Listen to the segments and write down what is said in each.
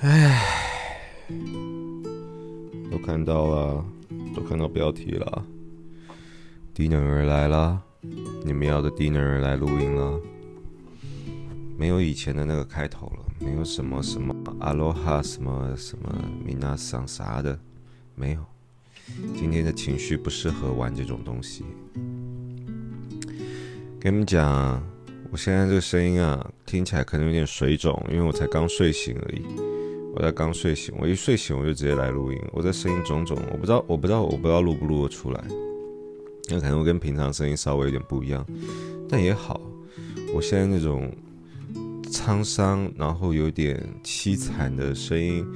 唉，都看到了，都看到標題了。Dinner 來啦，你們要的 Dinner 來錄音了。沒有以前的那個開頭了，沒有什麼什麼阿羅哈什麼什麼米納桑啥的，沒有。今天的情緒不適合玩這種東西，給你們講，啊。我現在這個聲音啊，聽起來可能有點水腫，因為我才剛睡醒而已。我才剛睡醒，我一睡醒我就直接來錄音，我的聲音腫腫，我不知道，我不知道，我不知道錄不錄得出來，那可能我跟平常聲音稍微有點不一樣，但也好。我現在那種滄桑，然後有點淒慘的聲音，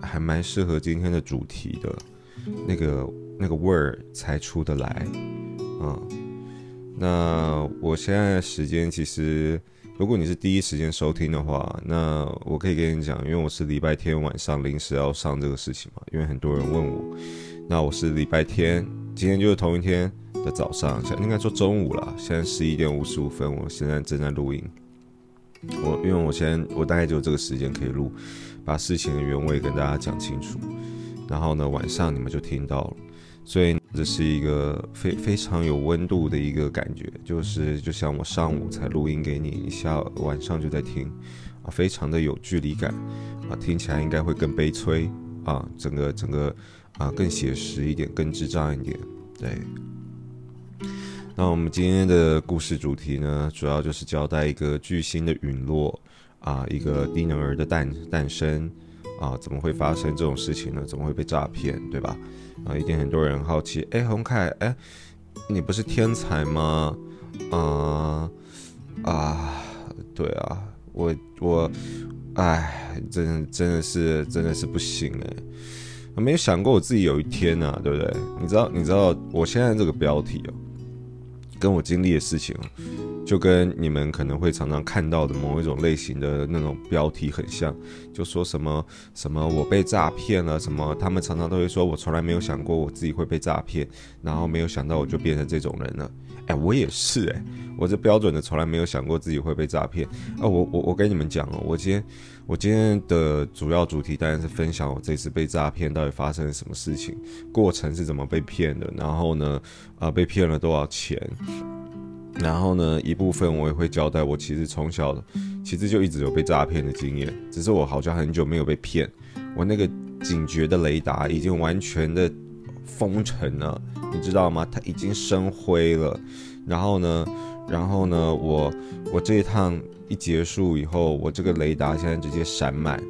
還蠻適合今天的主題的，那個那個味兒才出得來，嗯。那我現在的時間其實，如果你是第一時間收聽的話，那我可以跟你講，因為我是禮拜天晚上臨時要上這個事情嘛。因為很多人問我，那我是禮拜天，今天就是同一天的早上，應該說中午了。現在十一點五十五分，我現在正在錄音。我因為我現在我大概只有這個時間可以錄，把事情的原委跟大家講清楚。然後呢，晚上你們就聽到了。所以這是一個非非常有溫度的一個感覺，就是就像我上午才錄音給你，一下晚上就在聽，啊，非常的有距離感，啊，聽起來應該會更悲催，啊，整個整個，啊，更寫實一點，更智障一點，對。那我們今天的故事主題呢，主要就是交代一個巨星的隕落，啊，一個低能兒的誕誕生，啊，怎麼會發生這種事情呢？怎麼會被詐騙，對吧？啊，一定很多人好奇。哎，洪凱，哎，你不是天才嗎？啊、呃、啊，對啊，我我，哎，真的真的是真的是不行哎，我沒有想過我自己有一天啊，對不對？你知道你知道我現在這個標題哦，跟我經歷的事情哦。就跟你們可能會常常看到的某一種類型的那種標題很像，就說什麼什麼我被詐騙了，什麼他們常常都會說，我從來沒有想過我自己會被詐騙，然後沒有想到我就變成這種人了。哎，我也是哎，我這標準的從來沒有想過自己會被詐騙。啊，我我我跟你們講哦，我今天我今天的主要主題當然是分享我這次被詐騙到底發生了什麼事情，過程是怎麼被騙的，然後呢，啊，被騙了多少錢。然後呢，一部分我也會交代，我其實從小的其實就一直有被詐騙的經驗，只是我好像很久沒有被騙，我那個警覺的雷達已經完全的封塵了，你知道嗎？它已經生灰了。然後呢，然後呢，我我這一趟一結束以後，我這個雷達現在直接閃滿，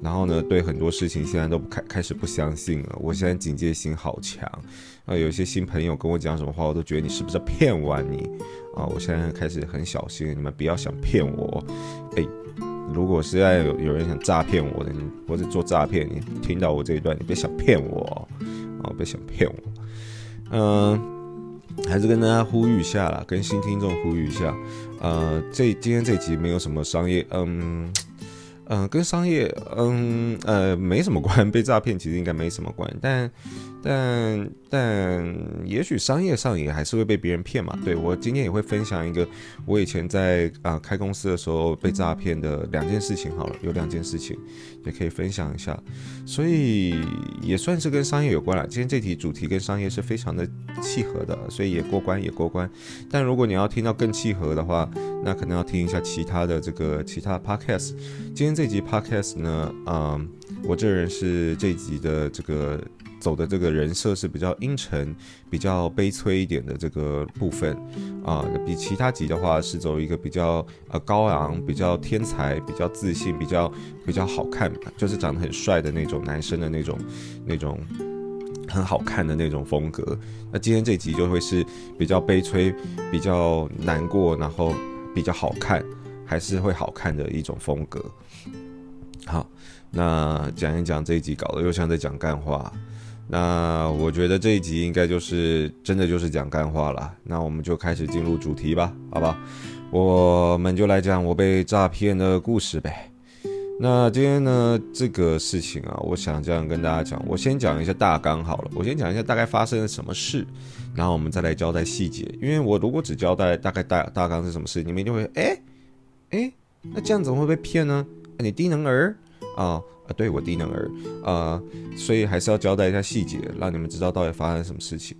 然後呢，對很多事情現在都開開始不相信了，我現在警戒心好強。啊、呃，有些新朋友跟我講什麼話，我都覺得你是不是在騙我啊你？啊、呃，我現在開始很小心，你們不要想騙我。哎，如果實在有有人想詐騙我的，或者做詐騙，你聽到我這一段，你別想騙我，啊、哦，別想騙我。嗯、呃，還是跟大家呼籲一下啦，跟新聽眾呼籲一下。呃，這今天這集沒有什麼商業，嗯嗯、呃，跟商業，嗯呃，沒什麼關，被詐騙其實應該沒什麼關，但但。但也許商業上也還是會被別人騙嘛。對，我今天也會分享一個我以前在啊、呃、開公司的時候被詐騙的兩件事情。好了，有兩件事情也可以分享一下，所以也算是跟商業有關了。今天這題主題跟商業是非常的契合的，所以也過關，也過關。但如果你要聽到更契合的話，那可能要聽一下其他的這個其他 podcast。今天這集 podcast 呢，嗯、呃，我這人是這集的這個。走的這個人設是比較陰沉、比較悲催一點的這個部分，啊，比其他集的話是走一個比較呃高昂、比較天才、比較自信、比較比較好看，就是長得很帥的那種男生的那種那種很好看的那種風格。那今天這一集就會是比較悲催、比較難過，然後比較好看，還是會好看的一種風格。好，那講一講這一集搞得又像在講幹話。那我覺得這一集應該就是真的就是講幹話了，那我們就開始進入主題吧，好吧，我們就來講我被詐騙的故事唄。那今天呢，這個事情啊，我想這樣跟大家講，我先講一下大綱好了，我先講一下大概發生了什麼事，然後我們再來交代細節。因為我如果只交代大概大大綱是什麼事，你們就會誒誒，那這樣怎麼會被騙呢？你低能兒啊！哦對，我低能兒，啊、呃，所以還是要交代一下細節，讓你們知道到底發生了什麼事情。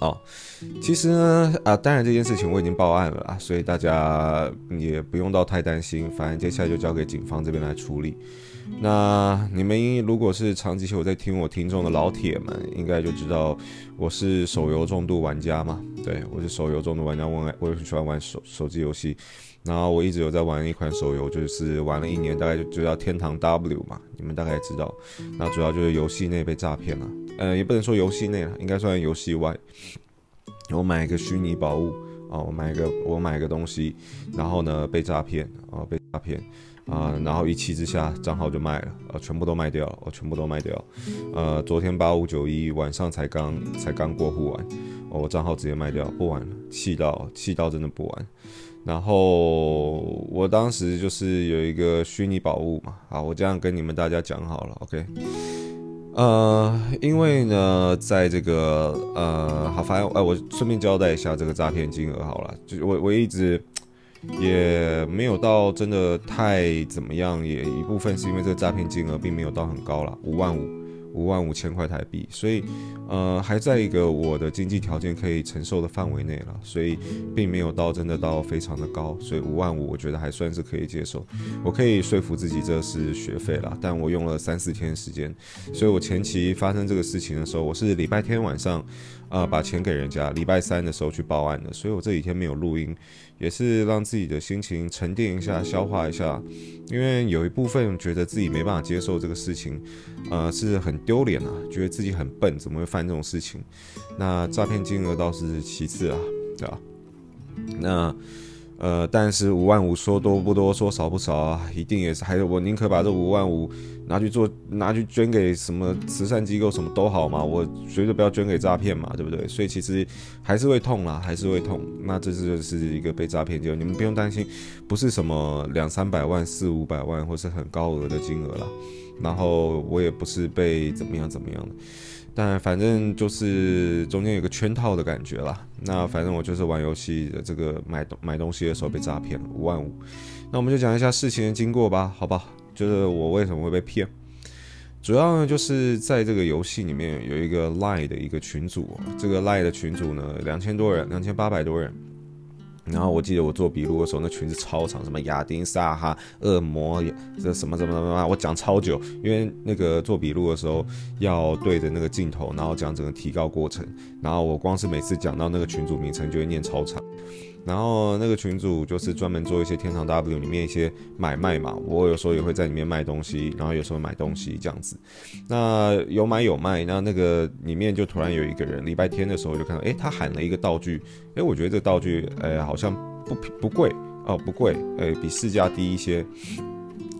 哦、其實呢，啊、呃，當然這件事情我已經報案了啊，所以大家也不用到太擔心，反正接下來就交給警方這邊來處理。那你們如果是長期有在聽我聽眾的老鐵們，應該就知道我是手遊重度玩家嘛？對，我是手遊重度玩家，我我很喜歡玩手手機遊戲。然後我一直有在玩一款手遊，就是玩了一年，大概就，就叫《天堂 W》嘛，你們大概也知道。那主要就是遊戲內被詐騙了，嗯、呃，也不能說遊戲內了，應該算是遊戲外。我買一個虛擬寶物，啊、呃，我買一個，我買一個東西，然後呢被詐騙，啊，被詐騙，啊、呃呃，然後一氣之下賬號就賣了，啊、呃，全部都賣掉了，我、呃、全部都賣掉了，呃，昨天八五九一晚上才剛才剛過戶完，呃、我賬號直接賣掉了，不玩了，氣到氣到真的不玩。然後我當時就是有一個虛擬寶物嘛，好，我這樣跟你們大家講好了，OK，呃，因為呢，在這個呃，好，反正我順便交代一下這個詐騙金額好了，就是我我一直也沒有到真的太怎麼樣，也一部分是因為這個詐騙金額並沒有到很高了，五萬五。五萬五千塊台幣，所以，呃，還在一個我的經濟條件可以承受的範圍內了，所以並沒有到真的到非常的高，所以五萬五我覺得還算是可以接受，我可以說服自己這是學費了，但我用了三四天時間，所以我前期發生這個事情的時候，我是禮拜天晚上。啊、呃，把錢給人家，禮拜三的時候去報案的，所以我這幾天沒有錄音，也是讓自己的心情沉澱一下，消化一下，因為有一部分覺得自己沒辦法接受這個事情，呃，是很丟臉啊，覺得自己很笨，怎麼會犯這種事情？那詐騙金額倒是其次啊，對吧？啊？那。呃，但是五萬五說多不多，說少不少啊，一定也是，還是我寧可把這五萬五拿去做，拿去捐給什麼慈善機構，什麼都好嘛，我絕對不要捐給詐騙嘛，對不對？所以其實還是會痛啦，還是會痛，那這就是一個被詐騙，就你們不用擔心，不是什麼兩三百萬、四五百萬，或是很高額的金額啦，然後我也不是被怎麼樣怎麼樣的。但反正就是中間有個圈套的感覺啦，那反正我就是玩遊戲的這個買買東西的時候被詐騙了五萬五。那我們就講一下事情的經過吧，好吧？就是我為什麼會被騙？主要呢就是在這個遊戲裡面有一個 Line 的一個群組，這個 Line 的群組呢兩千多人，兩千八百多人。然後我記得我做筆錄的時候，那裙子超長，什麼亞丁、撒哈、惡魔，這什麼什麼什麼，我講超久，因為那個做筆錄的時候要對着那個鏡頭，然後講整個提高過程。然後我光是每次講到那個群組名稱，就會念超長。然後那個群主就是專門做一些天堂 W 裡面一些買賣嘛，我有時候也會在裡面賣東西，然後有時候買東西這樣子。那有買有賣，那那個裡面就突然有一個人，禮拜天的時候就看到，哎，他喊了一個道具，哎，我覺得這個道具，哎，好像不不貴哦，不貴，哎，比市價低一些，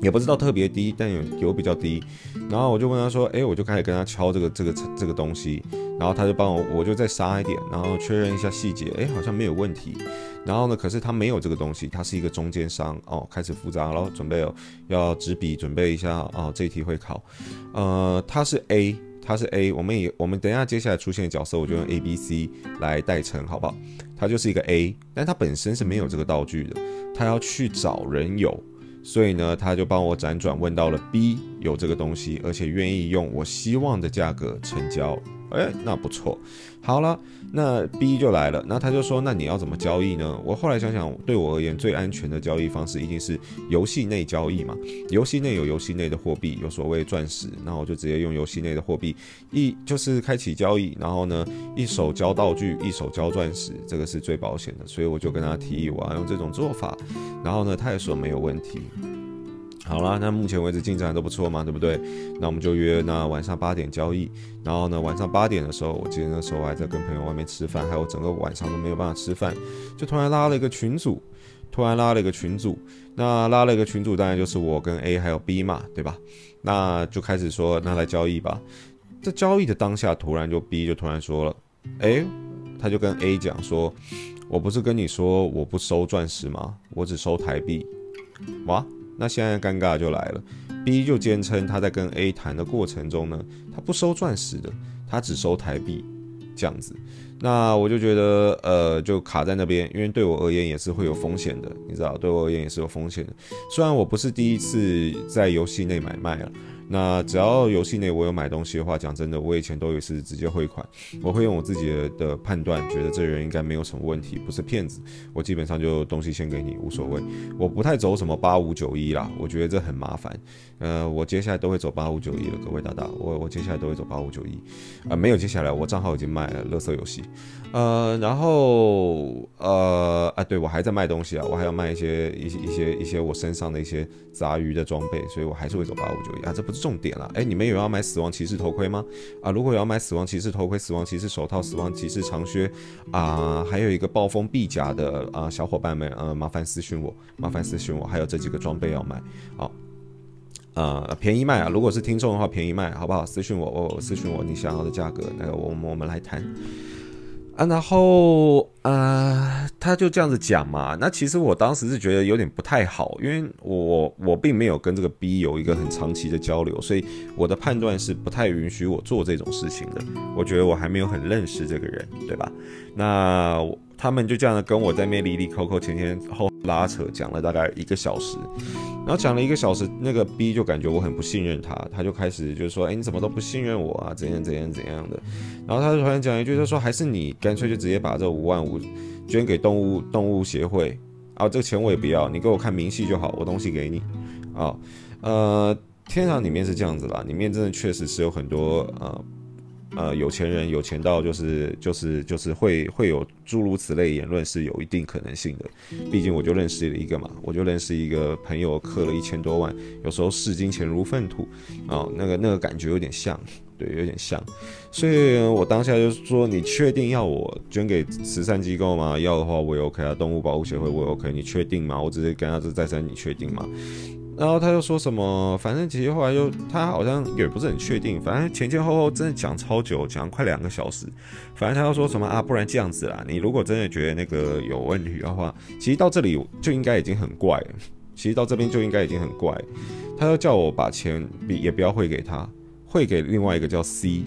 也不知道特別低，但有有比較低。然後我就問他說：“哎、欸，我就開始跟他敲這個這個這個東西。”然後他就幫我，我就再殺一點，然後確認一下細節。哎、欸，好像沒有問題。然後呢，可是他沒有這個東西，他是一個中間商哦，開始複雜然後了，準備要紙筆準備一下哦，這一題會考。呃，他是 A，他是 A，我們也我們等一下接下來出現的角色，我就用 A、B、C 來代稱，好不好？他就是一個 A，但他本身是沒有這個道具的，他要去找人有。所以呢，他就幫我輾轉問到了 B 有這個東西，而且願意用我希望的價格成交。哎、欸，那不錯。好了，那 B 就來了，那他就說，那你要怎麼交易呢？我後來想想，對我而言最安全的交易方式一定是遊戲內交易嘛。遊戲內有遊戲內的貨幣，有所謂鑽石，那我就直接用遊戲內的貨幣，一，就是開啟交易，然後呢，一手交道具，一手交鑽石，這個是最保險的。所以我就跟他提議，我要用這種做法，然後呢，他也說沒有問題。好啦，那目前為止進展都不錯嘛，對不對？那我們就約那晚上八點交易。然後呢，晚上八點的時候，我記得那的時候我還在跟朋友外面吃飯，還有整個晚上都沒有辦法吃飯，就突然拉了一個群組，突然拉了一個群組。那拉了一個群組，當然就是我跟 A 還有 B 嘛，對吧？那就開始說，那來交易吧。在交易的當下，突然就 B 就突然說了，誒、欸，他就跟 A 講說，我不是跟你說我不收鑽石嗎？我只收台幣，哇！那現在尷尬就來了，B 就堅稱他在跟 A 談的過程中呢，他不收鑽石的，他只收台幣，這樣子。那我就覺得，呃，就卡在那邊，因為對我而言也是會有風險的，你知道，對我而言也是有風險的。雖然我不是第一次在遊戲內買賣了。那只要遊戲內我有買東西的話，講真的，我以前都也是直接匯款。我會用我自己的判斷，覺得這人應該沒有什麼問題，不是騙子。我基本上就東西先給你，無所謂。我不太走什麼八五九一啦，我覺得這很麻煩。呃，我接下來都會走八五九一了，各位大大，我我接下來都會走八五九一。啊，呃，沒有，接下來我賬號已經賣了，樂色遊戲。呃，然後呃啊，對我還在賣東西啊，我還要賣一些一些一些一些我身上的一些雜魚的裝備，所以我還是會走八五九一啊，這不。重點了，哎，欸，你們有要買死亡騎士頭盔嗎？啊，如果有要買死亡騎士頭盔、死亡騎士手套、死亡騎士長靴啊，還有一個暴風臂甲的啊，小夥伴們，嗯、啊，麻煩私信我，麻煩私信我，還有這幾個裝備要賣，好，啊，便宜賣啊，如果是聽眾的話，便宜賣，好不好？私信我，我、哦、私信我，你想要的價格，那個我們，我我們來談。啊，然後呃，他就這樣子講嘛。那其實我當時是覺得有點不太好，因為我我並沒有跟這個 B 有一個很長期的交流，所以我的判斷是不太允許我做這種事情的。我覺得我還沒有很認識這個人，對吧？那我他們就這樣的跟我在那裡里摳摳前前後拉扯，講了大概一個小時，然後講了一個小時，那個 B 就感覺我很不信任他，他就開始就是說，哎，你怎麼都不信任我啊？怎樣怎樣怎樣，怎樣的？然後他就突然講一句，就說還是你乾脆就直接把這五萬五捐給動物動物協會啊，這個錢我也不要，你給我看明細就好，我東西給你啊、哦。呃，天堂裡面是這樣子啦，裡面真的確實是有很多啊。呃呃，有錢人有錢到就是就是就是會會有諸如此類言論是有一定可能性的，畢竟我就認識了一個嘛，我就認識一個朋友，氪了一千多萬，有時候視金錢如糞土，啊、哦，那個那個感覺有點像。對，有點像，所以我當下就是說，你確定要我捐給慈善機構嗎？要的話我也 OK 啊，動物保護協會我也 OK。你確定嗎？我只是跟他就再三，你確定嗎？然後他就說什麼？反正其實後來就他好像也不是很確定，反正前前後後真的講超久，講了快兩個小時。反正他又說什麼啊？不然這樣子啦，你如果真的覺得那個有問題的話，其實到這裡就應該已經很怪了，其實到這邊就應該已經很怪。他又叫我把錢也不要匯給他。會給另外一個叫 C，C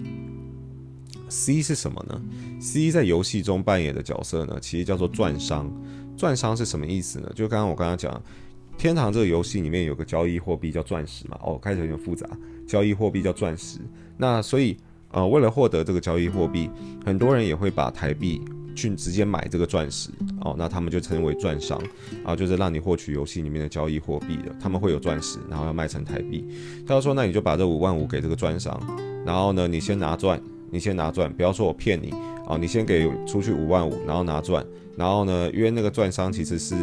C 是什麼呢？C 在遊戲中扮演的角色呢，其實叫做鑽商。鑽商是什麼意思呢？就剛剛我剛剛講，天堂這個遊戲裡面有個交易貨幣叫鑽石嘛。哦，開始有點複雜，交易貨幣叫鑽石。那所以，呃，為了獲得這個交易貨幣，很多人也會把台幣，去直接買這個鑽石哦，那他們就稱為鑽商，然後就是讓你獲取遊戲裡面的交易貨幣的，他們會有鑽石，然後要賣成台幣。他說：“那你就把這五萬五給這個鑽商，然後呢，你先拿鑽，你先拿鑽，不要說我騙你哦，你先給出去五萬五，然後拿鑽，然後呢，因為那個鑽商其實是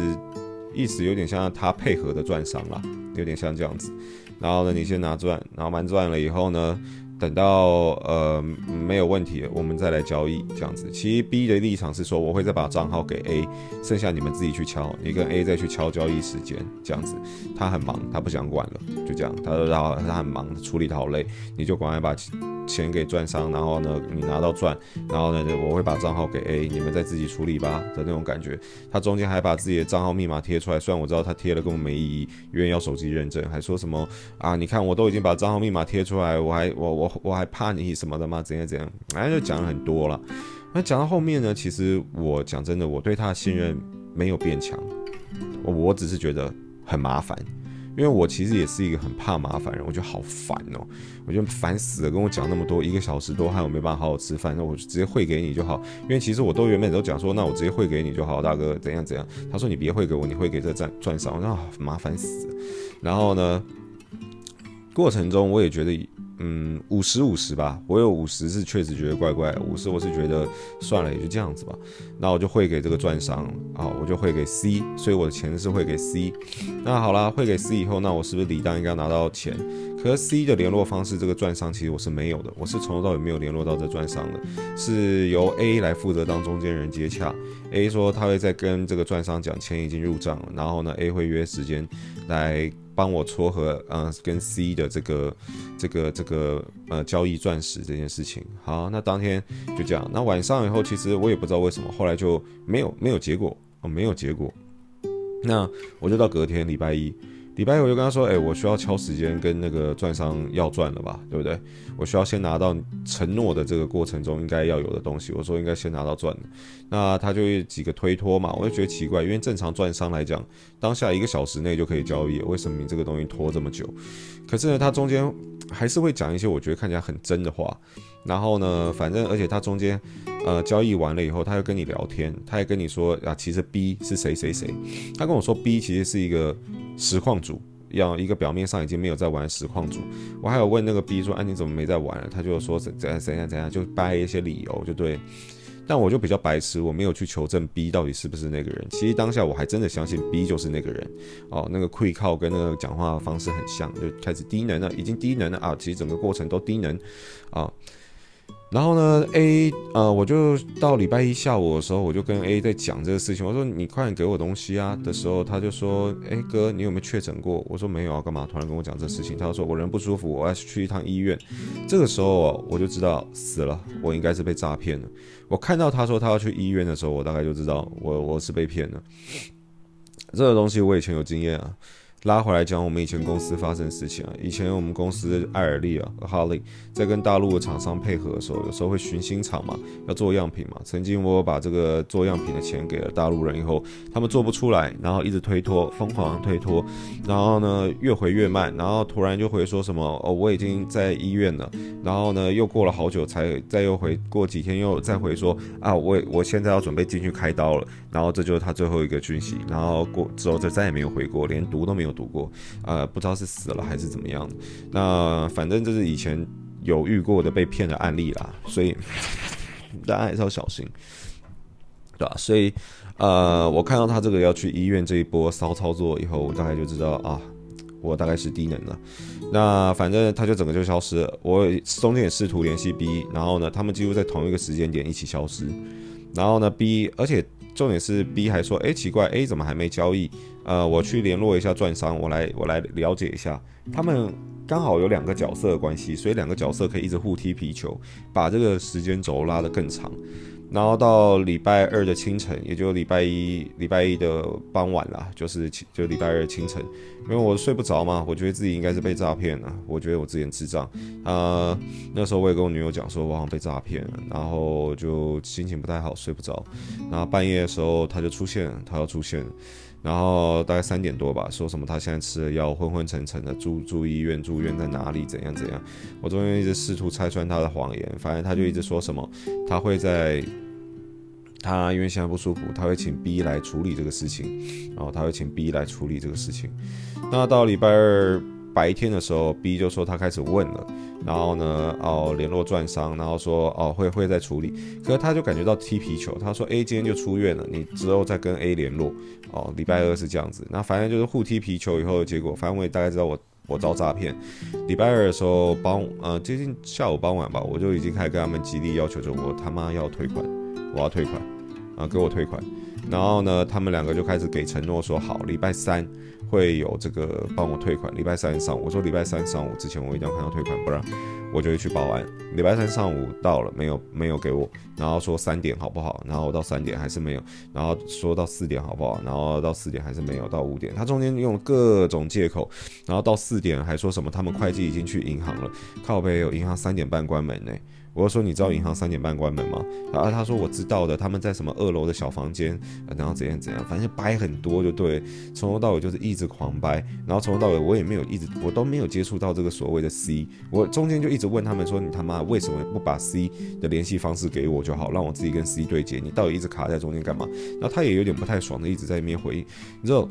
意思有點像他配合的鑽商啦，有點像這樣子。然後呢，你先拿鑽，然後滿鑽了以後呢。”等到呃，沒有問題，我們再來交易這樣子。其實 B 的立場是說，我會再把賬號給 A，剩下你們自己去敲。你跟 A 再去敲交易時間這樣子。他很忙，他不想管了，就這樣。他說他他很忙，處理得好累，你就趕快把。錢給鑽商，然後呢，你拿到鑽，然後呢，我會把賬號給 A，欸，你們再自己處理吧的那種感覺。他中間還把自己的賬號密碼貼出來，雖然我知道他貼了根本沒意義，因為要手機認證，還說什麼啊？你看我都已經把賬號密碼貼出來，我還我我我還怕你什麼的嗎？怎樣怎樣？哎、啊，就講了很多了。那講到後面呢，其實我講真的，我對他的信任沒有變強，我只是覺得很麻煩。因為我其實也是一個很怕麻煩人，我覺得好煩哦，我覺得煩死了，跟我講那麼多，一個小時多，害我沒辦法好好吃飯，那我就直接匯給你就好。因為其實我都原本都講說，那我直接匯給你就好，大哥怎樣怎樣。他說，你別匯給我，你會給這賺賺少，我說、哦、麻煩死。然後呢，過程中我也覺得。嗯，五十五十吧，我有五十是確實覺得怪怪，五十我是覺得算了，也就這樣子吧。那我就匯給這個鑽商啊、哦，我就匯給 C，所以我的錢是匯給 C。那好了，匯給 C 以後，那我是不是理當應該拿到錢？可是 C 的聯絡方式，這個鑽商其實我是沒有的，我是從頭到尾沒有聯絡到這鑽商的，是由 A 來負責當中間人接洽。A 說他會再跟這個鑽商講，錢已經入賬了，然後呢，A 會約時間來。幫我撮合，嗯、呃，跟 C 的這個、這個、這個，呃，交易鑽石這件事情。好，那當天就這樣。那晚上以後，其實我也不知道為什麼，後來就沒有沒有結果、哦，沒有結果。那我就到隔天禮拜一。禮拜五我就跟他說：「誒、欸，我需要敲時間跟那個鑽商要鑽了吧，對不對？我需要先拿到承諾的這個過程中應該要有的東西。我說應該先拿到鑽。那他就有幾個推脫嘛。我就覺得奇怪，因為正常鑽商來講，當下一個小時內就可以交易，為什麼你這個東西拖這麼久？可是呢，他中間還是會講一些我覺得看起來很真的話。」然後呢，反正而且他中間，呃，交易完了以後，他又跟你聊天，他也跟你說啊，其實 B 是誰誰誰，他跟我說 B 其實是一個實況主，要一個表面上已經沒有在玩實況主。我還有問那個 B 說，安、啊、你怎麼沒在玩了？他就說怎樣怎樣怎樣，就掰一些理由就對。但我就比較白痴，我沒有去求證 B 到底是不是那個人。其實當下我還真的相信 B 就是那個人哦，那個潰靠跟那個講話方式很像，就開始低能了，已經低能了啊！其實整個過程都低能啊。哦然後呢，A，呃，我就到禮拜一下午的時候，我就跟 A 在講這個事情。我說：“你快點給我東西啊！”的時候，他就說：“哎，哥，你有沒有確診過？”我說：“沒有啊，幹嘛突然跟我講這事情？”他就說：“我人不舒服，我要去一趟醫院。”這個時候，我就知道死了，我應該是被詐騙了。我看到他說他要去醫院的時候，我大概就知道我我是被騙了。這個東西我以前有經驗啊。拉回來講，我們以前公司發生的事情啊。以前我們公司艾爾利啊和哈利在跟大陸的廠商配合的時候，有時候會尋新廠嘛，要做樣品嘛。曾經我有把這個做樣品的錢給了大陸人以後，他們做不出來，然後一直推脫，瘋狂的推脫，然後呢越回越慢，然後突然就回說什麼哦，我已經在醫院了。然後呢又過了好久才再又回，過幾天又再回說啊，我我現在要準備進去開刀了。然後這就是他最後一個訊息。然後過之後就再也沒有回過，連讀都沒有。讀過，啊，不知道是死了還是怎麼樣。那反正這是以前有遇過的被騙的案例啦，所以大家還是要小心，對吧、啊？所以，呃，我看到他這個要去醫院這一波騷操作以後，我大概就知道啊，我大概是低能了。那反正他就整個就消失了。我中間也試圖聯繫 B，然後呢，他們幾乎在同一個時間點一起消失。然後呢，B，而且重點是 B 還說，哎，奇怪，A 怎麼還沒交易？呃，我去聯絡一下鑽商，我來，我來了解一下。他們剛好有兩個角色的關係，所以兩個角色可以一直互踢皮球，把這個時間軸拉得更長。然後到禮拜二的清晨，也就是禮拜一禮拜一的傍晚啦，就是就禮拜二清晨，因為我睡不着嘛，我覺得自己應該是被詐騙了，我覺得我之前智障。呃，那時候我也跟我女友講說，我好像被詐騙了，然後就心情不太好，睡不着。然後半夜的時候，他就出現，他要出現。然後大概三點多吧，說什麼他現在吃了藥，昏昏沉沉的，住住醫院，住院在哪裡？怎樣怎樣？我中間一直試圖拆穿他的謊言，反正他就一直說什麼，他會在，他因為現在不舒服，他會請 B 來處理這個事情，然後他會請 B 來處理這個事情。那到禮拜二。白天的時候，B 就說他開始問了，然後呢，哦，聯絡轉商，然後說哦會會再處理，可是他就感覺到踢皮球。他說 A 今天就出院了，你之後再跟 A 聯絡。哦，禮拜二是這樣子，那反正就是互踢皮球以後的結果。反正我也大概知道我我遭詐騙。禮拜二的時候，傍呃接近下午傍晚吧，我就已經開始跟他們極力要求，着，我他媽要退款，我要退款。啊，給我退款，然後呢，他們兩個就開始給承諾說好，禮拜三會有這個幫我退款。禮拜三上午，我說禮拜三上午之前我一定要看到退款，不然我就會去報案。禮拜三上午到了，沒有沒有給我，然後說三點好不好？然後到三點還是沒有，然後說到四點好不好？然後到四點還是沒有，到五點，他中間用了各種借口，然後到四點還說什麼他們會計已經去銀行了，靠北，有銀行三點半關門呢？我就說：“你知道銀行三點半關門嗎？”然後他說：“我知道的，他們在什麼二樓的小房間，然後怎樣怎樣，反正掰很多就對。從頭到尾就是一直狂掰，然後從頭到尾我也沒有一直，我都沒有接觸到這個所謂的 C。我中間就一直問他們說：‘你他媽為什麼不把 C 的聯繫方式給我就好，讓我自己跟 C 對接？你到底一直卡在中間幹嘛？’然後他也有點不太爽的，一直在那邊回應。你知道。”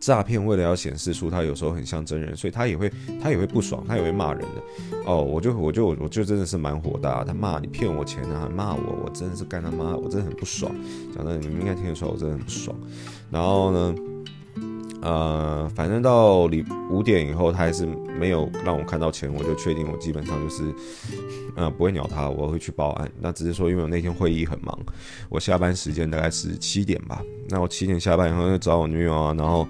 詐騙為了要顯示出他有時候很像真人，所以他也會他也會不爽，他也會罵人的。哦，我就我就我就真的是蠻火大啊，他罵你騙我錢啊，罵我，我真的是干他媽，我真的很不爽。講的你們應該聽得出來，我真的很不爽。然後呢，呃，反正到了五點以後，他還是沒有讓我看到錢，我就確定我基本上就是。嗯、呃，不會鳥他，我會去報案。那只是說，因為我那天會議很忙，我下班時間大概是七點吧。那我七點下班以後，就找我女友啊，然後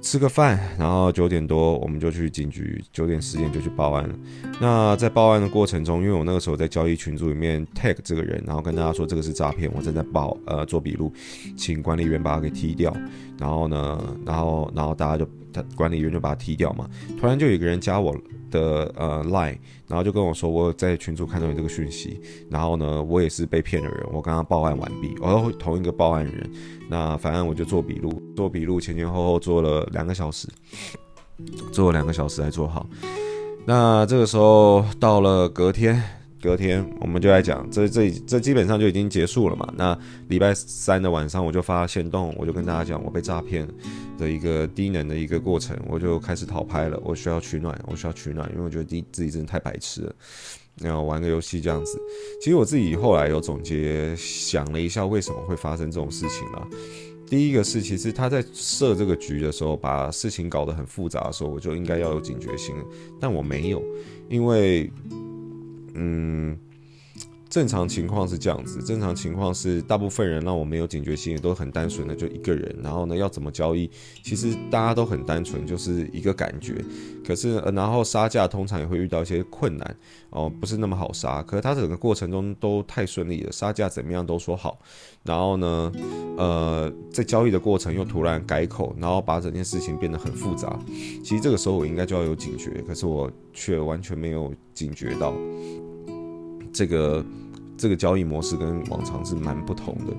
吃個飯，然後九點多我們就去警局，九點十點就去報案了。那在報案的過程中，因為我那個時候在交易群組裡面 tag 這個人，然後跟大家說這個是詐騙，我正在報呃做筆錄，請管理員把他給踢掉。然後呢，然後然後大家就他管理員就把他踢掉嘛。突然就有一個人加我了。的呃賴，然後就跟我說，我在群組看到你這個訊息，然後呢，我也是被騙的人，我剛剛報案完畢，我、哦、而同一個報案人，那反正我就做筆錄，做筆錄前前後後做了兩個小時，做了兩個小時才做好。那這個時候到了隔天，隔天我們就來講，這這這基本上就已經結束了嘛。那禮拜三的晚上我就發限動，我就跟大家講我被詐騙了。的一個低能的一個過程，我就開始逃拍了。我需要取暖，我需要取暖，因為我覺得第自己真的太白痴了。然後玩個遊戲這樣子。其實我自己後來有總結，想了一下為什麼會發生這種事情了，啊。第一個是，其實他在設這個局的時候，把事情搞得很複雜的時候，我就應該要有警覺性，但我沒有，因為，嗯。正常情況是這樣子，正常情況是大部分人讓我沒有警覺性，都很單純的就一個人。然後呢，要怎麼交易，其實大家都很單純，就是一個感覺。可是、呃、然後殺價通常也會遇到一些困難，哦，不是那麼好殺。可是他整個過程中都太順利了，殺價怎麼樣都說好。然後呢，呃，在交易的過程又突然改口，然後把整件事情變得很複雜。其實這個時候我應該就要有警覺，可是我卻完全沒有警覺到。這個這個交易模式跟往常是蠻不同的。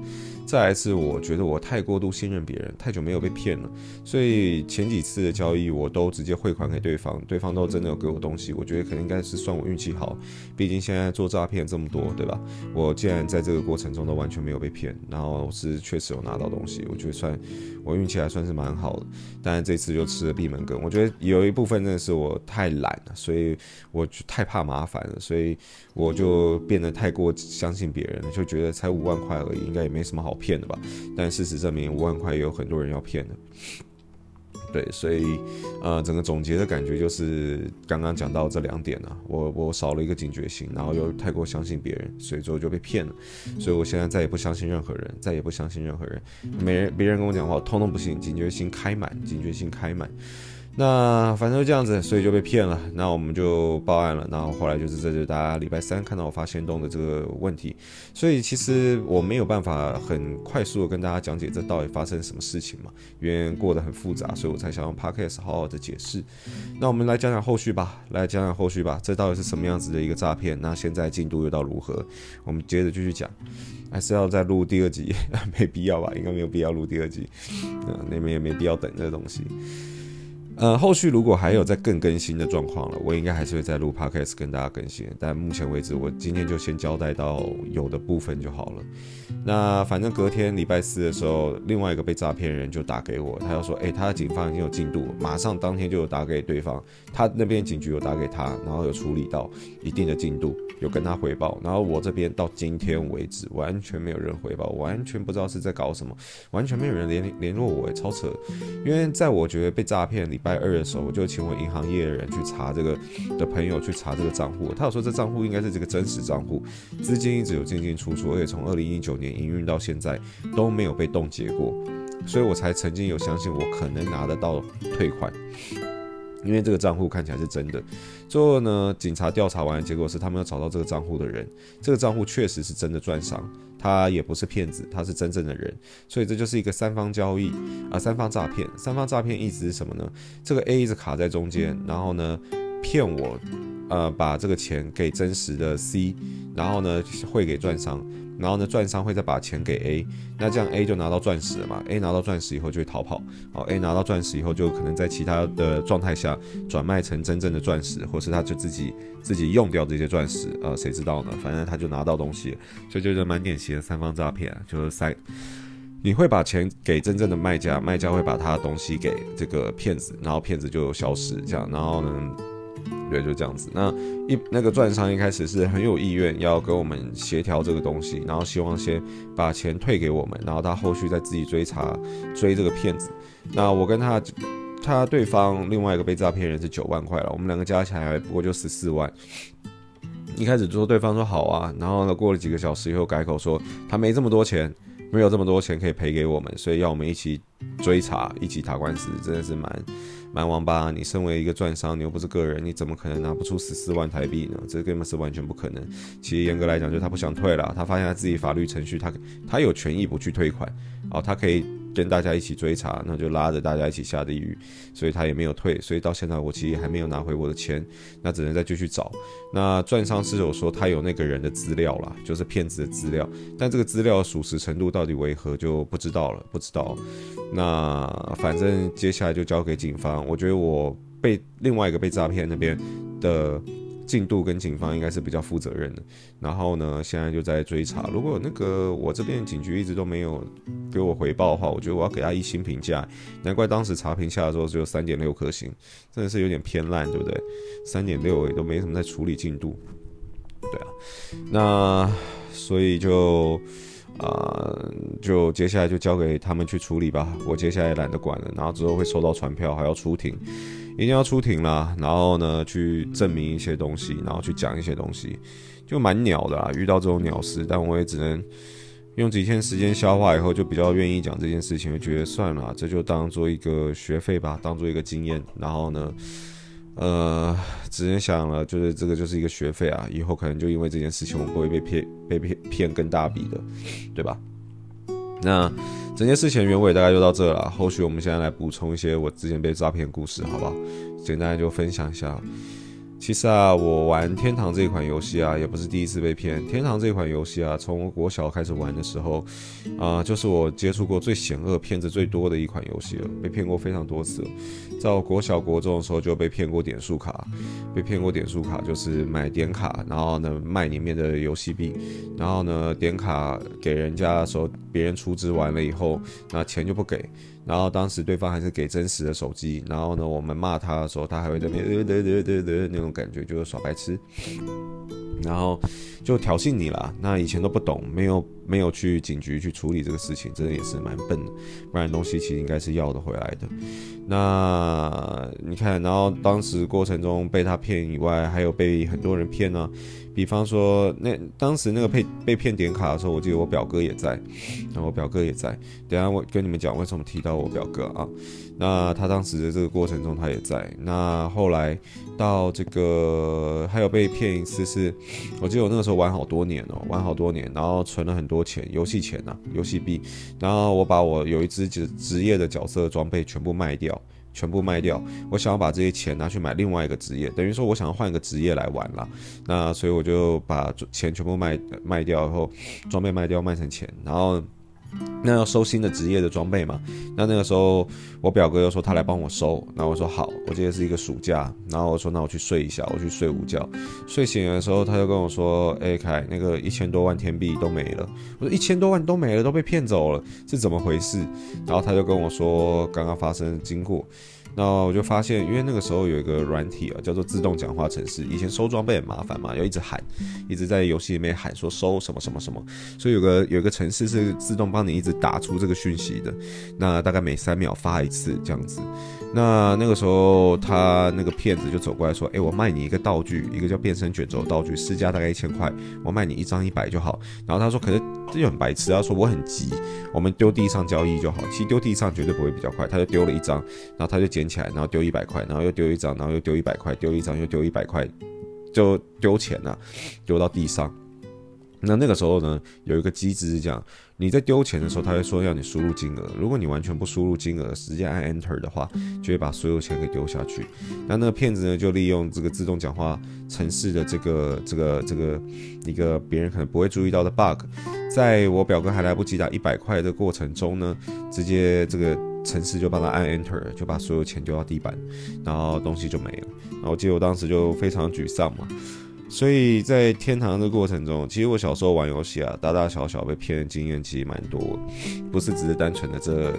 再來一次，我覺得我太過度信任別人，太久沒有被騙了，所以前幾次的交易我都直接匯款給對方，對方都真的有給我東西，我覺得可能應該是算我運氣好，畢竟現在做詐騙這麼多，對吧？我竟然在這個過程中都完全沒有被騙，然後是確實有拿到東西，我覺得算我運氣還算是蠻好的。但是這次就吃了閉門羹，我覺得有一部分真的是我太懶了，所以我就太怕麻煩了，所以我就變得太過相信別人了，就覺得才五萬塊而已，應該也沒什麼好。騙的吧？但事實證明，五萬塊也有很多人要騙的。對，所以，呃，整個總結的感覺就是，剛剛講到這兩點呢，啊，我我少了一個警覺性，然後又太過相信別人，所以最後就被騙了。所以我現在再也不相信任何人，再也不相信任何人，沒人別人跟我講話，我通通不信。警覺心開滿，警覺心開滿。那反正就這樣子，所以就被騙了。那我們就報案了。然後後來就是，這就是大家禮拜三看到我發限動的這個問題。所以其實我沒有辦法很快速的跟大家講解這到底發生什麼事情嘛，因為過得很複雜，所以我才想用 podcast 好好的解釋。那我們來講講後續吧，來講講後續吧。這到底是什麼樣子的一個詐騙？那現在進度又到如何？我們接着繼續講，還是要再錄第二集？沒必要吧？應該沒有必要錄第二集。嗯，你們也沒必要等這東西。呃，後續如果還有再更更新的狀況了，我應該還是會再錄 podcast 跟大家更新。但目前為止，我今天就先交代到有的部分就好了。那反正隔天禮拜四的時候，另外一個被詐騙人就打給我，他就說，哎、欸，他的警方已經有進度，馬上當天就有打給對方，他那邊警局有打給他，然後有處理到一定的進度，有跟他回報。然後我這邊到今天為止，完全沒有人回報，完全不知道是在搞什麼，完全沒有人聯聯絡我，超扯。因為在我覺得被詐騙裡。禮拜二的時候，我就請我銀行業的人去查這個的朋友去查這個賬戶，他有說，這賬戶應該是這個真實賬戶，資金一直有進進出出，而且從二零一九年營運到現在都沒有被凍結過，所以我才曾經有相信我可能拿得到退款，因為這個賬戶看起來是真的。最後呢，警察調查完的結果是，他們要找到這個賬戶的人，這個賬戶確實是真的賺商。他也不是騙子，他是真正的人，所以這就是一個三方交易啊、呃，三方詐騙。三方詐騙意思是什麼呢？這個 A 一直卡在中間，然後呢，騙我。呃，把這個錢給真實的 C，然後呢，匯給鑽商，然後呢，鑽商會再把錢給 A，那這樣 A 就拿到鑽石了嘛。A 拿到鑽石以後就會逃跑，好、哦、A 拿到鑽石以後就可能在其他的狀態下轉賣成真正的鑽石，或是他就自己自己用掉這些鑽石，呃，誰知道呢？反正他就拿到東西，所以就是蠻典型的三方詐騙，啊，就是三，你會把錢給真正的賣家，賣家會把他的東西給這個騙子，然後騙子就消失，這樣，然後呢？對，就這樣子。那一那個鑽商一開始是很有意願要跟我們協調這個東西，然後希望先把錢退給我們，然後他後續再自己追查追這個騙子。那我跟他他對方另外一個被詐騙人是九萬塊了，我們兩個加起來不過就十四萬。一開始就說對方說好啊，然後呢，過了幾個小時以後改口說他沒這麼多錢，沒有這麼多錢可以賠給我們，所以要我們一起追查，一起打官司，真的是蠻。蠻王吧，你身為一個鑽商，你又不是個人，你怎麼可能拿不出十四萬台幣呢？這根本是完全不可能。其實嚴格來講，就是他不想退了，他發現他自己法律程序他、他他有權益不去退款，哦，他可以。跟大家一起追查，那就拉着大家一起下地獄，所以他也沒有退，所以到現在我其實還沒有拿回我的錢，那只能再繼續找。那鑽商是有說他有那個人的資料啦，就是騙子的資料，但這個資料屬實程度到底為何就不知道了，不知道。那反正接下來就交給警方，我覺得我被另外一個被詐騙那邊的。進度跟警方應該是比較負責任的，然後呢，現在就在追查。如果那個我這邊警局一直都沒有給我回報的話，我覺得我要給他一星評價。難怪當時查評下的時候只有三點六顆星，真的是有點偏爛，對不對？三點六也都沒什麼在處理進度，對啊，那所以就，啊、呃，就接下來就交給他們去處理吧。我接下來懶得管了。然後之後會收到傳票，還要出庭，一定要出庭啦。然後呢，去證明一些東西，然後去講一些東西，就蠻鳥的啦。遇到這種鳥事，但我也只能用幾天時間消化以後，就比較願意講這件事情。就覺得算了，這就當做一個學費吧，當做一個經驗。然後呢，呃，之前想了，就是這個就是一個學費啊，以後可能就因為這件事情，我不會被騙被騙騙更大筆的，對吧？那整件事情原委大概就到這了啦，後續我們現在來補充一些我之前被詐騙的故事，好不好？簡單就分享一下。其實啊，我玩《天堂》這款遊戲啊，也不是第一次被騙。《天堂》這款遊戲啊，從國小開始玩的時候，啊、呃，就是我接觸過最險惡、騙子最多的一款遊戲了，被騙過非常多次。在我國小、國中的時候就被騙過點數卡，被騙過點數卡就是買點卡，然後呢賣裡面的遊戲幣，然後呢點卡給人家的時候，別人出資完了以後，那錢就不給。然後當時對方還是給真實的手機，然後呢，我們罵他的時候，他還會在那邊嘚嘚嘚嘚那種感覺，就是耍白痴，然後就挑釁你啦。那以前都不懂，沒有沒有去警局去處理這個事情，真的也是蠻笨的，不然東西其實應該是要得回來的。那你看，然後當時過程中被他騙以外，還有被很多人騙呢啊。比方說，那當時那個被被騙點卡的時候，我記得我表哥也在。然後我表哥也在。等一下我跟你們講為什麼提到我表哥啊？那他當時的這個過程中，他也在。那後來到這個還有被騙一次是，我記得我那個時候玩好多年哦、喔，玩好多年，然後存了很多錢，遊戲錢吶、啊，遊戲幣。然後我把我有一支職職業的角色裝備全部賣掉。全部賣掉，我想要把這些錢拿去買另外一個職業，等於說我想要換一個職業來玩啦。那所以我就把錢全部賣賣掉然後，裝備賣掉賣成錢，然後。那要收新的職業的裝備嘛？那那個時候我表哥又說他來幫我收，然後我說好。我記得是一個暑假，然後我說那我去睡一下，我去睡午覺。睡醒的時候他就跟我說：“哎、欸，凱，那個一千多萬天幣都沒了。”我說：“一千多萬都沒了，都被騙走了，是怎麼回事？”然後他就跟我說剛剛發生經過。那我就發現，因為那個時候有一個軟體啊，叫做自動講話程式。以前收裝備很麻煩嘛，要一直喊，一直在遊戲裡面喊說收什麼什麼什麼，所以有個有一個程式是自動幫你一直打出這個訊息的，那大概每三秒發一次這樣子。那那個時候，他那個騙子就走過來說：“誒、欸，我賣你一個道具，一個叫變身卷軸道具，市價大概一千塊，我賣你一張一百就好。”然後他說：“可是這又很白痴、啊。”他說：“我很急，我們丟地上交易就好。其實丟地上絕對不會比較快。”他就丟了一張，然後他就撿起來，然後丟一百塊，然後又丟一張，然後又丟一百塊，丟一張又丟一百塊，就丟錢了、啊，丟到地上。那那個時候呢，有一個機制是這樣。你在丟錢的時候，他會說要你輸入金額。如果你完全不輸入金額，直接按 Enter 的話，就會把所有錢給丟下去。那那個騙子呢，就利用這個自動講話程序的這個、這個、這個一個別人可能不會注意到的 bug，在我表哥還來不及打一百塊的過程中呢，直接這個程序就幫他按 Enter，就把所有錢丟到地板，然後東西就沒了。然後結果當時就非常沮喪嘛。所以在天堂的過程中，其實我小時候玩遊戲啊，大大小小被騙的經驗其實蠻多，不是只是單純的這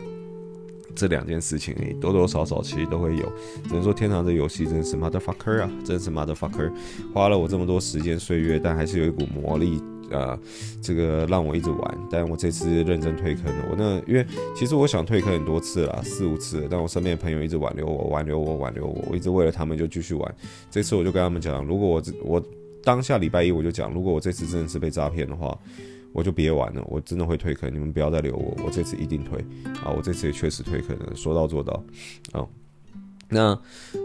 這兩件事情而已，多多少少其實都會有。只能說天堂這遊戲真是 motherfucker 啊，真是 motherfucker，花了我這麼多時間歲月，但還是有一股魔力啊，呃，這個讓我一直玩。但我這次認真退坑了，我那因為其實我想退坑很多次了，四五次，但我身邊的朋友一直挽留我，挽留我，挽留我，我一直為了他們就繼續玩。這次我就跟他們講，如果我我。當下禮拜一我就講，如果我這次真的是被詐騙的話，我就別玩了，我真的會退坑，你們不要再留我，我這次一定退啊！我這次也確實退坑了，說到做到啊！那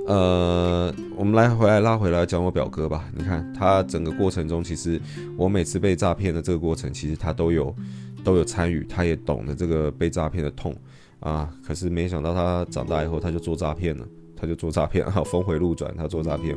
呃，我們來回來拉回來講我表哥吧，你看他整個過程中，其實我每次被詐騙的這個過程，其實他都有都有參與，他也懂得這個被詐騙的痛啊！可是沒想到他長大以後，他就做詐騙了，他就做詐騙，啊，峰回路轉，他做詐騙。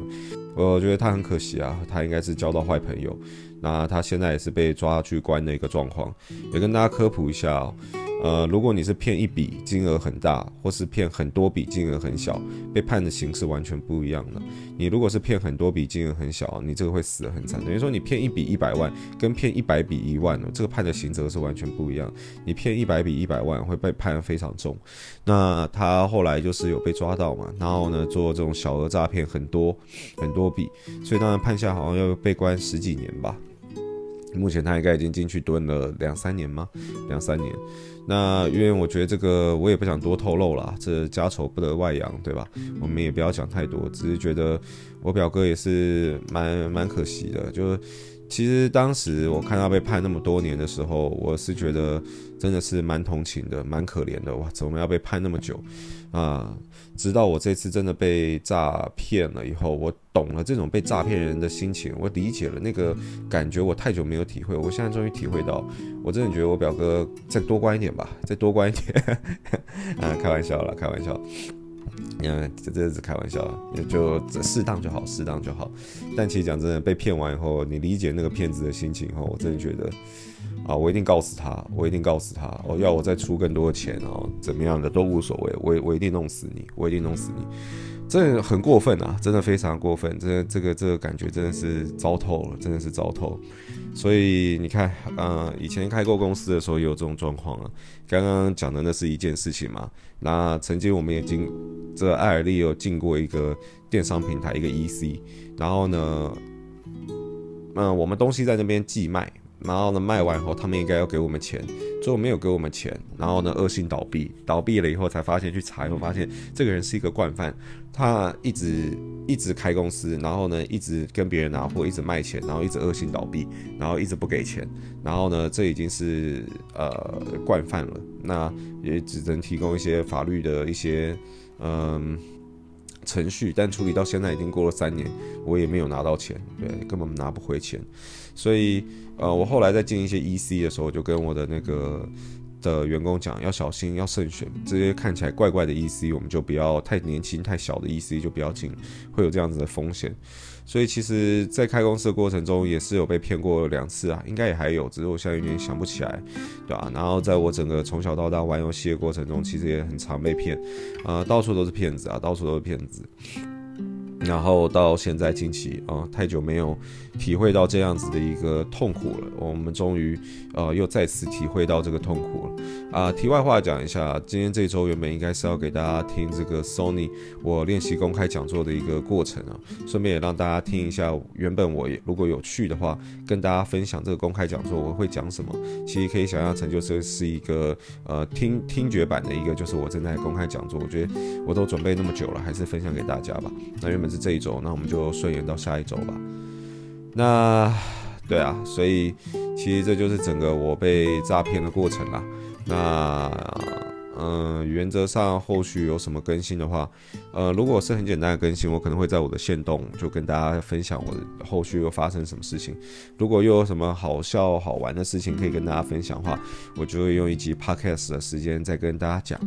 我覺得他很可惜啊，他應該是交到壞朋友，那他現在也是被抓去關的一個狀況。也跟大家科普一下哦，呃，如果你是騙一筆金額很大，或是騙很多筆金額很小，被判的刑是完全不一樣的。你如果是騙很多筆金額很小，你這個會死得很慘。等於說你騙一筆一百萬，跟騙一百筆一萬，這個判的刑責是完全不一樣。你騙一百筆一百萬，會被判非常重。那他後來就是有被抓到嘛，然後呢，做這種小額詐騙很多很多。作弊，所以當然判下好像要被關十幾年吧。目前他應該已經進去蹲了兩三年嘛，兩三年。那因為我覺得這個我也不想多透露了，這家醜不得外揚，對吧？我們也不要講太多，只是覺得我表哥也是蠻蠻可惜的。就是其實當時我看到被判那麼多年的時候，我是覺得真的是蠻同情的，蠻可憐的，哇！怎麼要被判那麼久啊？直到我這次真的被詐騙了以後，我懂了這種被詐騙人的心情，我理解了那個感覺，我太久沒有體會，我現在終於體會到，我真的覺得我表哥再多關一點吧，再多關一點。 啊，開玩笑了，開玩笑，你、嗯、看這這是開玩笑，就適當就好，適當就好。但其實講真的，被騙完以後，你理解那個騙子的心情以後，我真的覺得。啊！我一定告訴他，我一定告訴他，我、哦、要我再出更多的錢，哦，怎麼樣的都無所謂，我我一定弄死你，我一定弄死你，這很過分啊，真的非常過分，這這個這個感覺真的是糟透了，真的是糟透。所以你看，呃，以前開過公司的時候也有這種狀況啊。剛剛講的那是一件事情嘛。那曾經我們已經，這個艾爾利有進過一個電商平台，一個 EC，然後呢，嗯，我們東西在那邊寄賣。然後呢，賣完後他們應該要給我們錢，最後沒有給我們錢，然後呢，惡性倒閉，倒閉了以後才發現，去查以後發現這個人是一個慣犯，他一直一直開公司，然後呢，一直跟別人拿貨，一直賣錢，然後一直惡性倒閉，然後一直不給錢，然後呢，這已經是呃慣犯了，那也只能提供一些法律的一些嗯。呃程序，但處理到現在已經過了三年，我也沒有拿到錢，對，根本拿不回錢，所以，呃，我後來在進一些 EC 的時候，就跟我的那個。的員工講要小心，要慎選這些看起來怪怪的 EC，我們就不要太年輕、太小的 EC 就不要進，會有這樣子的風險。所以其實，在開公司的過程中也是有被騙過兩次啊，應該也還有，只是我現在有點想不起來，對吧、啊？然後在我整個從小到大玩遊戲的過程中，其實也很常被騙啊、呃，到處都是騙子啊，到處都是騙子。然後到現在近期啊、呃，太久沒有。體會到這樣子的一個痛苦了，我們終於，呃，又再次體會到這個痛苦了。啊、呃，題外話講一下，今天這週原本應該是要給大家聽這個 Sony 我練習公開講座的一個過程啊，順便也讓大家聽一下，原本我也如果有去的話，跟大家分享這個公開講座我會講什麼。其實可以想象成就是，是一個，呃，聽聽覺版的一個，就是我正在公開講座，我覺得我都準備那麼久了，還是分享給大家吧。那原本是這一週，那我們就順延到下一週吧。那，對啊，所以其實這就是整個我被詐騙的過程啦。那，嗯、呃，原則上後續有什麼更新的話，呃，如果是很簡單的更新，我可能會在我的限動就跟大家分享我後續又發生什麼事情。如果又有什麼好笑好玩的事情可以跟大家分享的話，我就會用一集 podcast 的時間再跟大家講。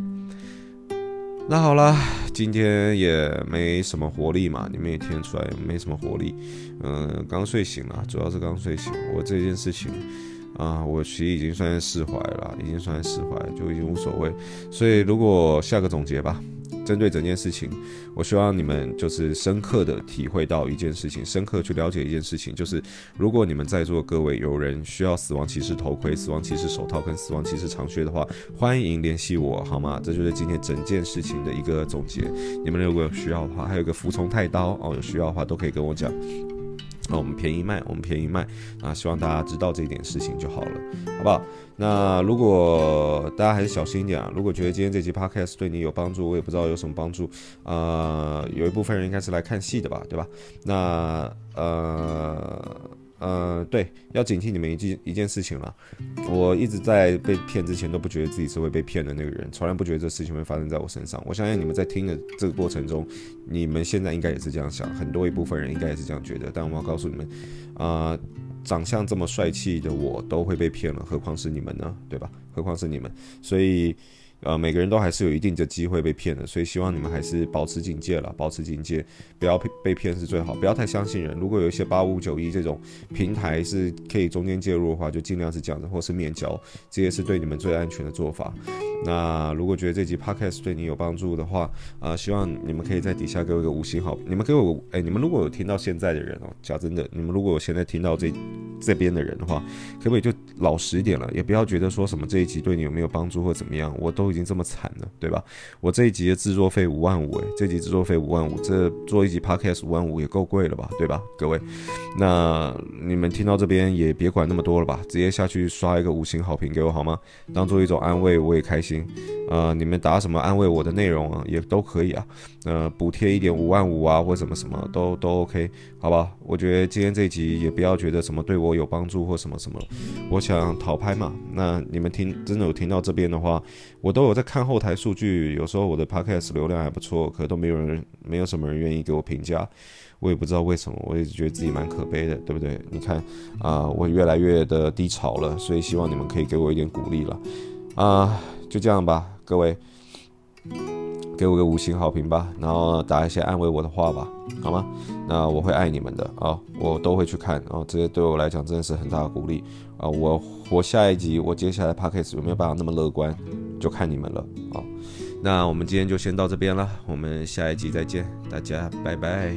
那好啦，今天也沒什麼活力嘛，你們也聽得出來也沒什麼活力，嗯，剛睡醒啊，主要是剛睡醒。我這件事情，啊，我其實已經算是釋懷了，已經算是釋懷，就已經無所謂。所以，如果下個總結吧。針對整件事情，我希望你們就是深刻的體會到一件事情，深刻去了解一件事情，就是如果你們在座各位有人需要死亡騎士頭盔、死亡騎士手套跟死亡騎士長靴的話，歡迎聯繫我，好嗎？這就是今天整件事情的一個總結。你們如果有需要的話，還有一個服從太刀哦，有需要的話都可以跟我講，那、哦、我們便宜賣，我們便宜賣。啊，希望大家知道這一點事情就好了，好不好？那如果大家還是小心一點啊！如果覺得今天這集 podcast 對你有幫助，我也不知道有什麼幫助，啊、呃，有一部分人應該是來看戲的吧，對吧？那呃呃，對，要警惕你們一件一件事情了。我一直在被騙之前都不覺得自己是會被騙的那個人，從來不覺得這事情會發生在我身上。我相信你們在聽的這個過程中，你們現在應該也是這樣想，很多一部分人應該也是這樣覺得。但我要告訴你們，啊、呃。長相這麼帥氣的我都會被騙了，何況是你們呢？對吧？何況是你們，所以。呃，每個人都還是有一定的機會被騙的，所以希望你們還是保持警戒啦，保持警戒，不要被被騙是最好，不要太相信人。如果有一些八五九一這種平台是可以中間介入的話，就盡量是講的或是面交，這些是對你們最安全的做法。那如果覺得這集 podcast 對你有幫助的話，啊、呃，希望你們可以在底下給我一個五星好評。你們給我，哎、欸，你們如果有聽到現在的人哦、喔，講真的，你們如果有現在聽到這這邊的人的話，可不可以就老實一點了，也不要覺得說什麼這一集對你有沒有幫助或怎麼樣，我都。已經這麼慘了，對吧？我這一集的製作費五萬五，誒，這集製作費五萬五，這做一集 podcast 五萬五也夠貴了吧，對吧？各位，那你們聽到這邊也別管那麼多了吧，直接下去刷一個五星好評給我好嗎？當做一種安慰，我也開心。啊、呃，你們打什麼安慰我的內容、啊、也都可以啊，呃，補貼一點五萬五啊，或什麼什麼都都 OK 好吧？我覺得今天這集也不要覺得什麼對我有幫助或什麼什麼，我想討拍嘛。那你們聽真的有聽到這邊的話，我。都有在看後台數據，有時候我的 podcast 流量還不錯，可都沒有人，沒有什麼人願意給我評價，我也不知道為什麼，我一直覺得自己蠻可悲的，對不對？你看啊、呃，我越來越的低潮了，所以希望你們可以給我一點鼓勵了，啊、呃，就這樣吧，各位，給我個五星好評吧，然後打一些安慰我的話吧，好嗎？那我會愛你們的，啊、哦，我都會去看，啊、哦。這些對我來講真的是很大的鼓勵。啊，我我下一集，我接下來 Podcast 有沒有辦法那麼樂觀，就看你們了啊。那我們今天就先到這邊了，我們下一集再見，大家拜拜。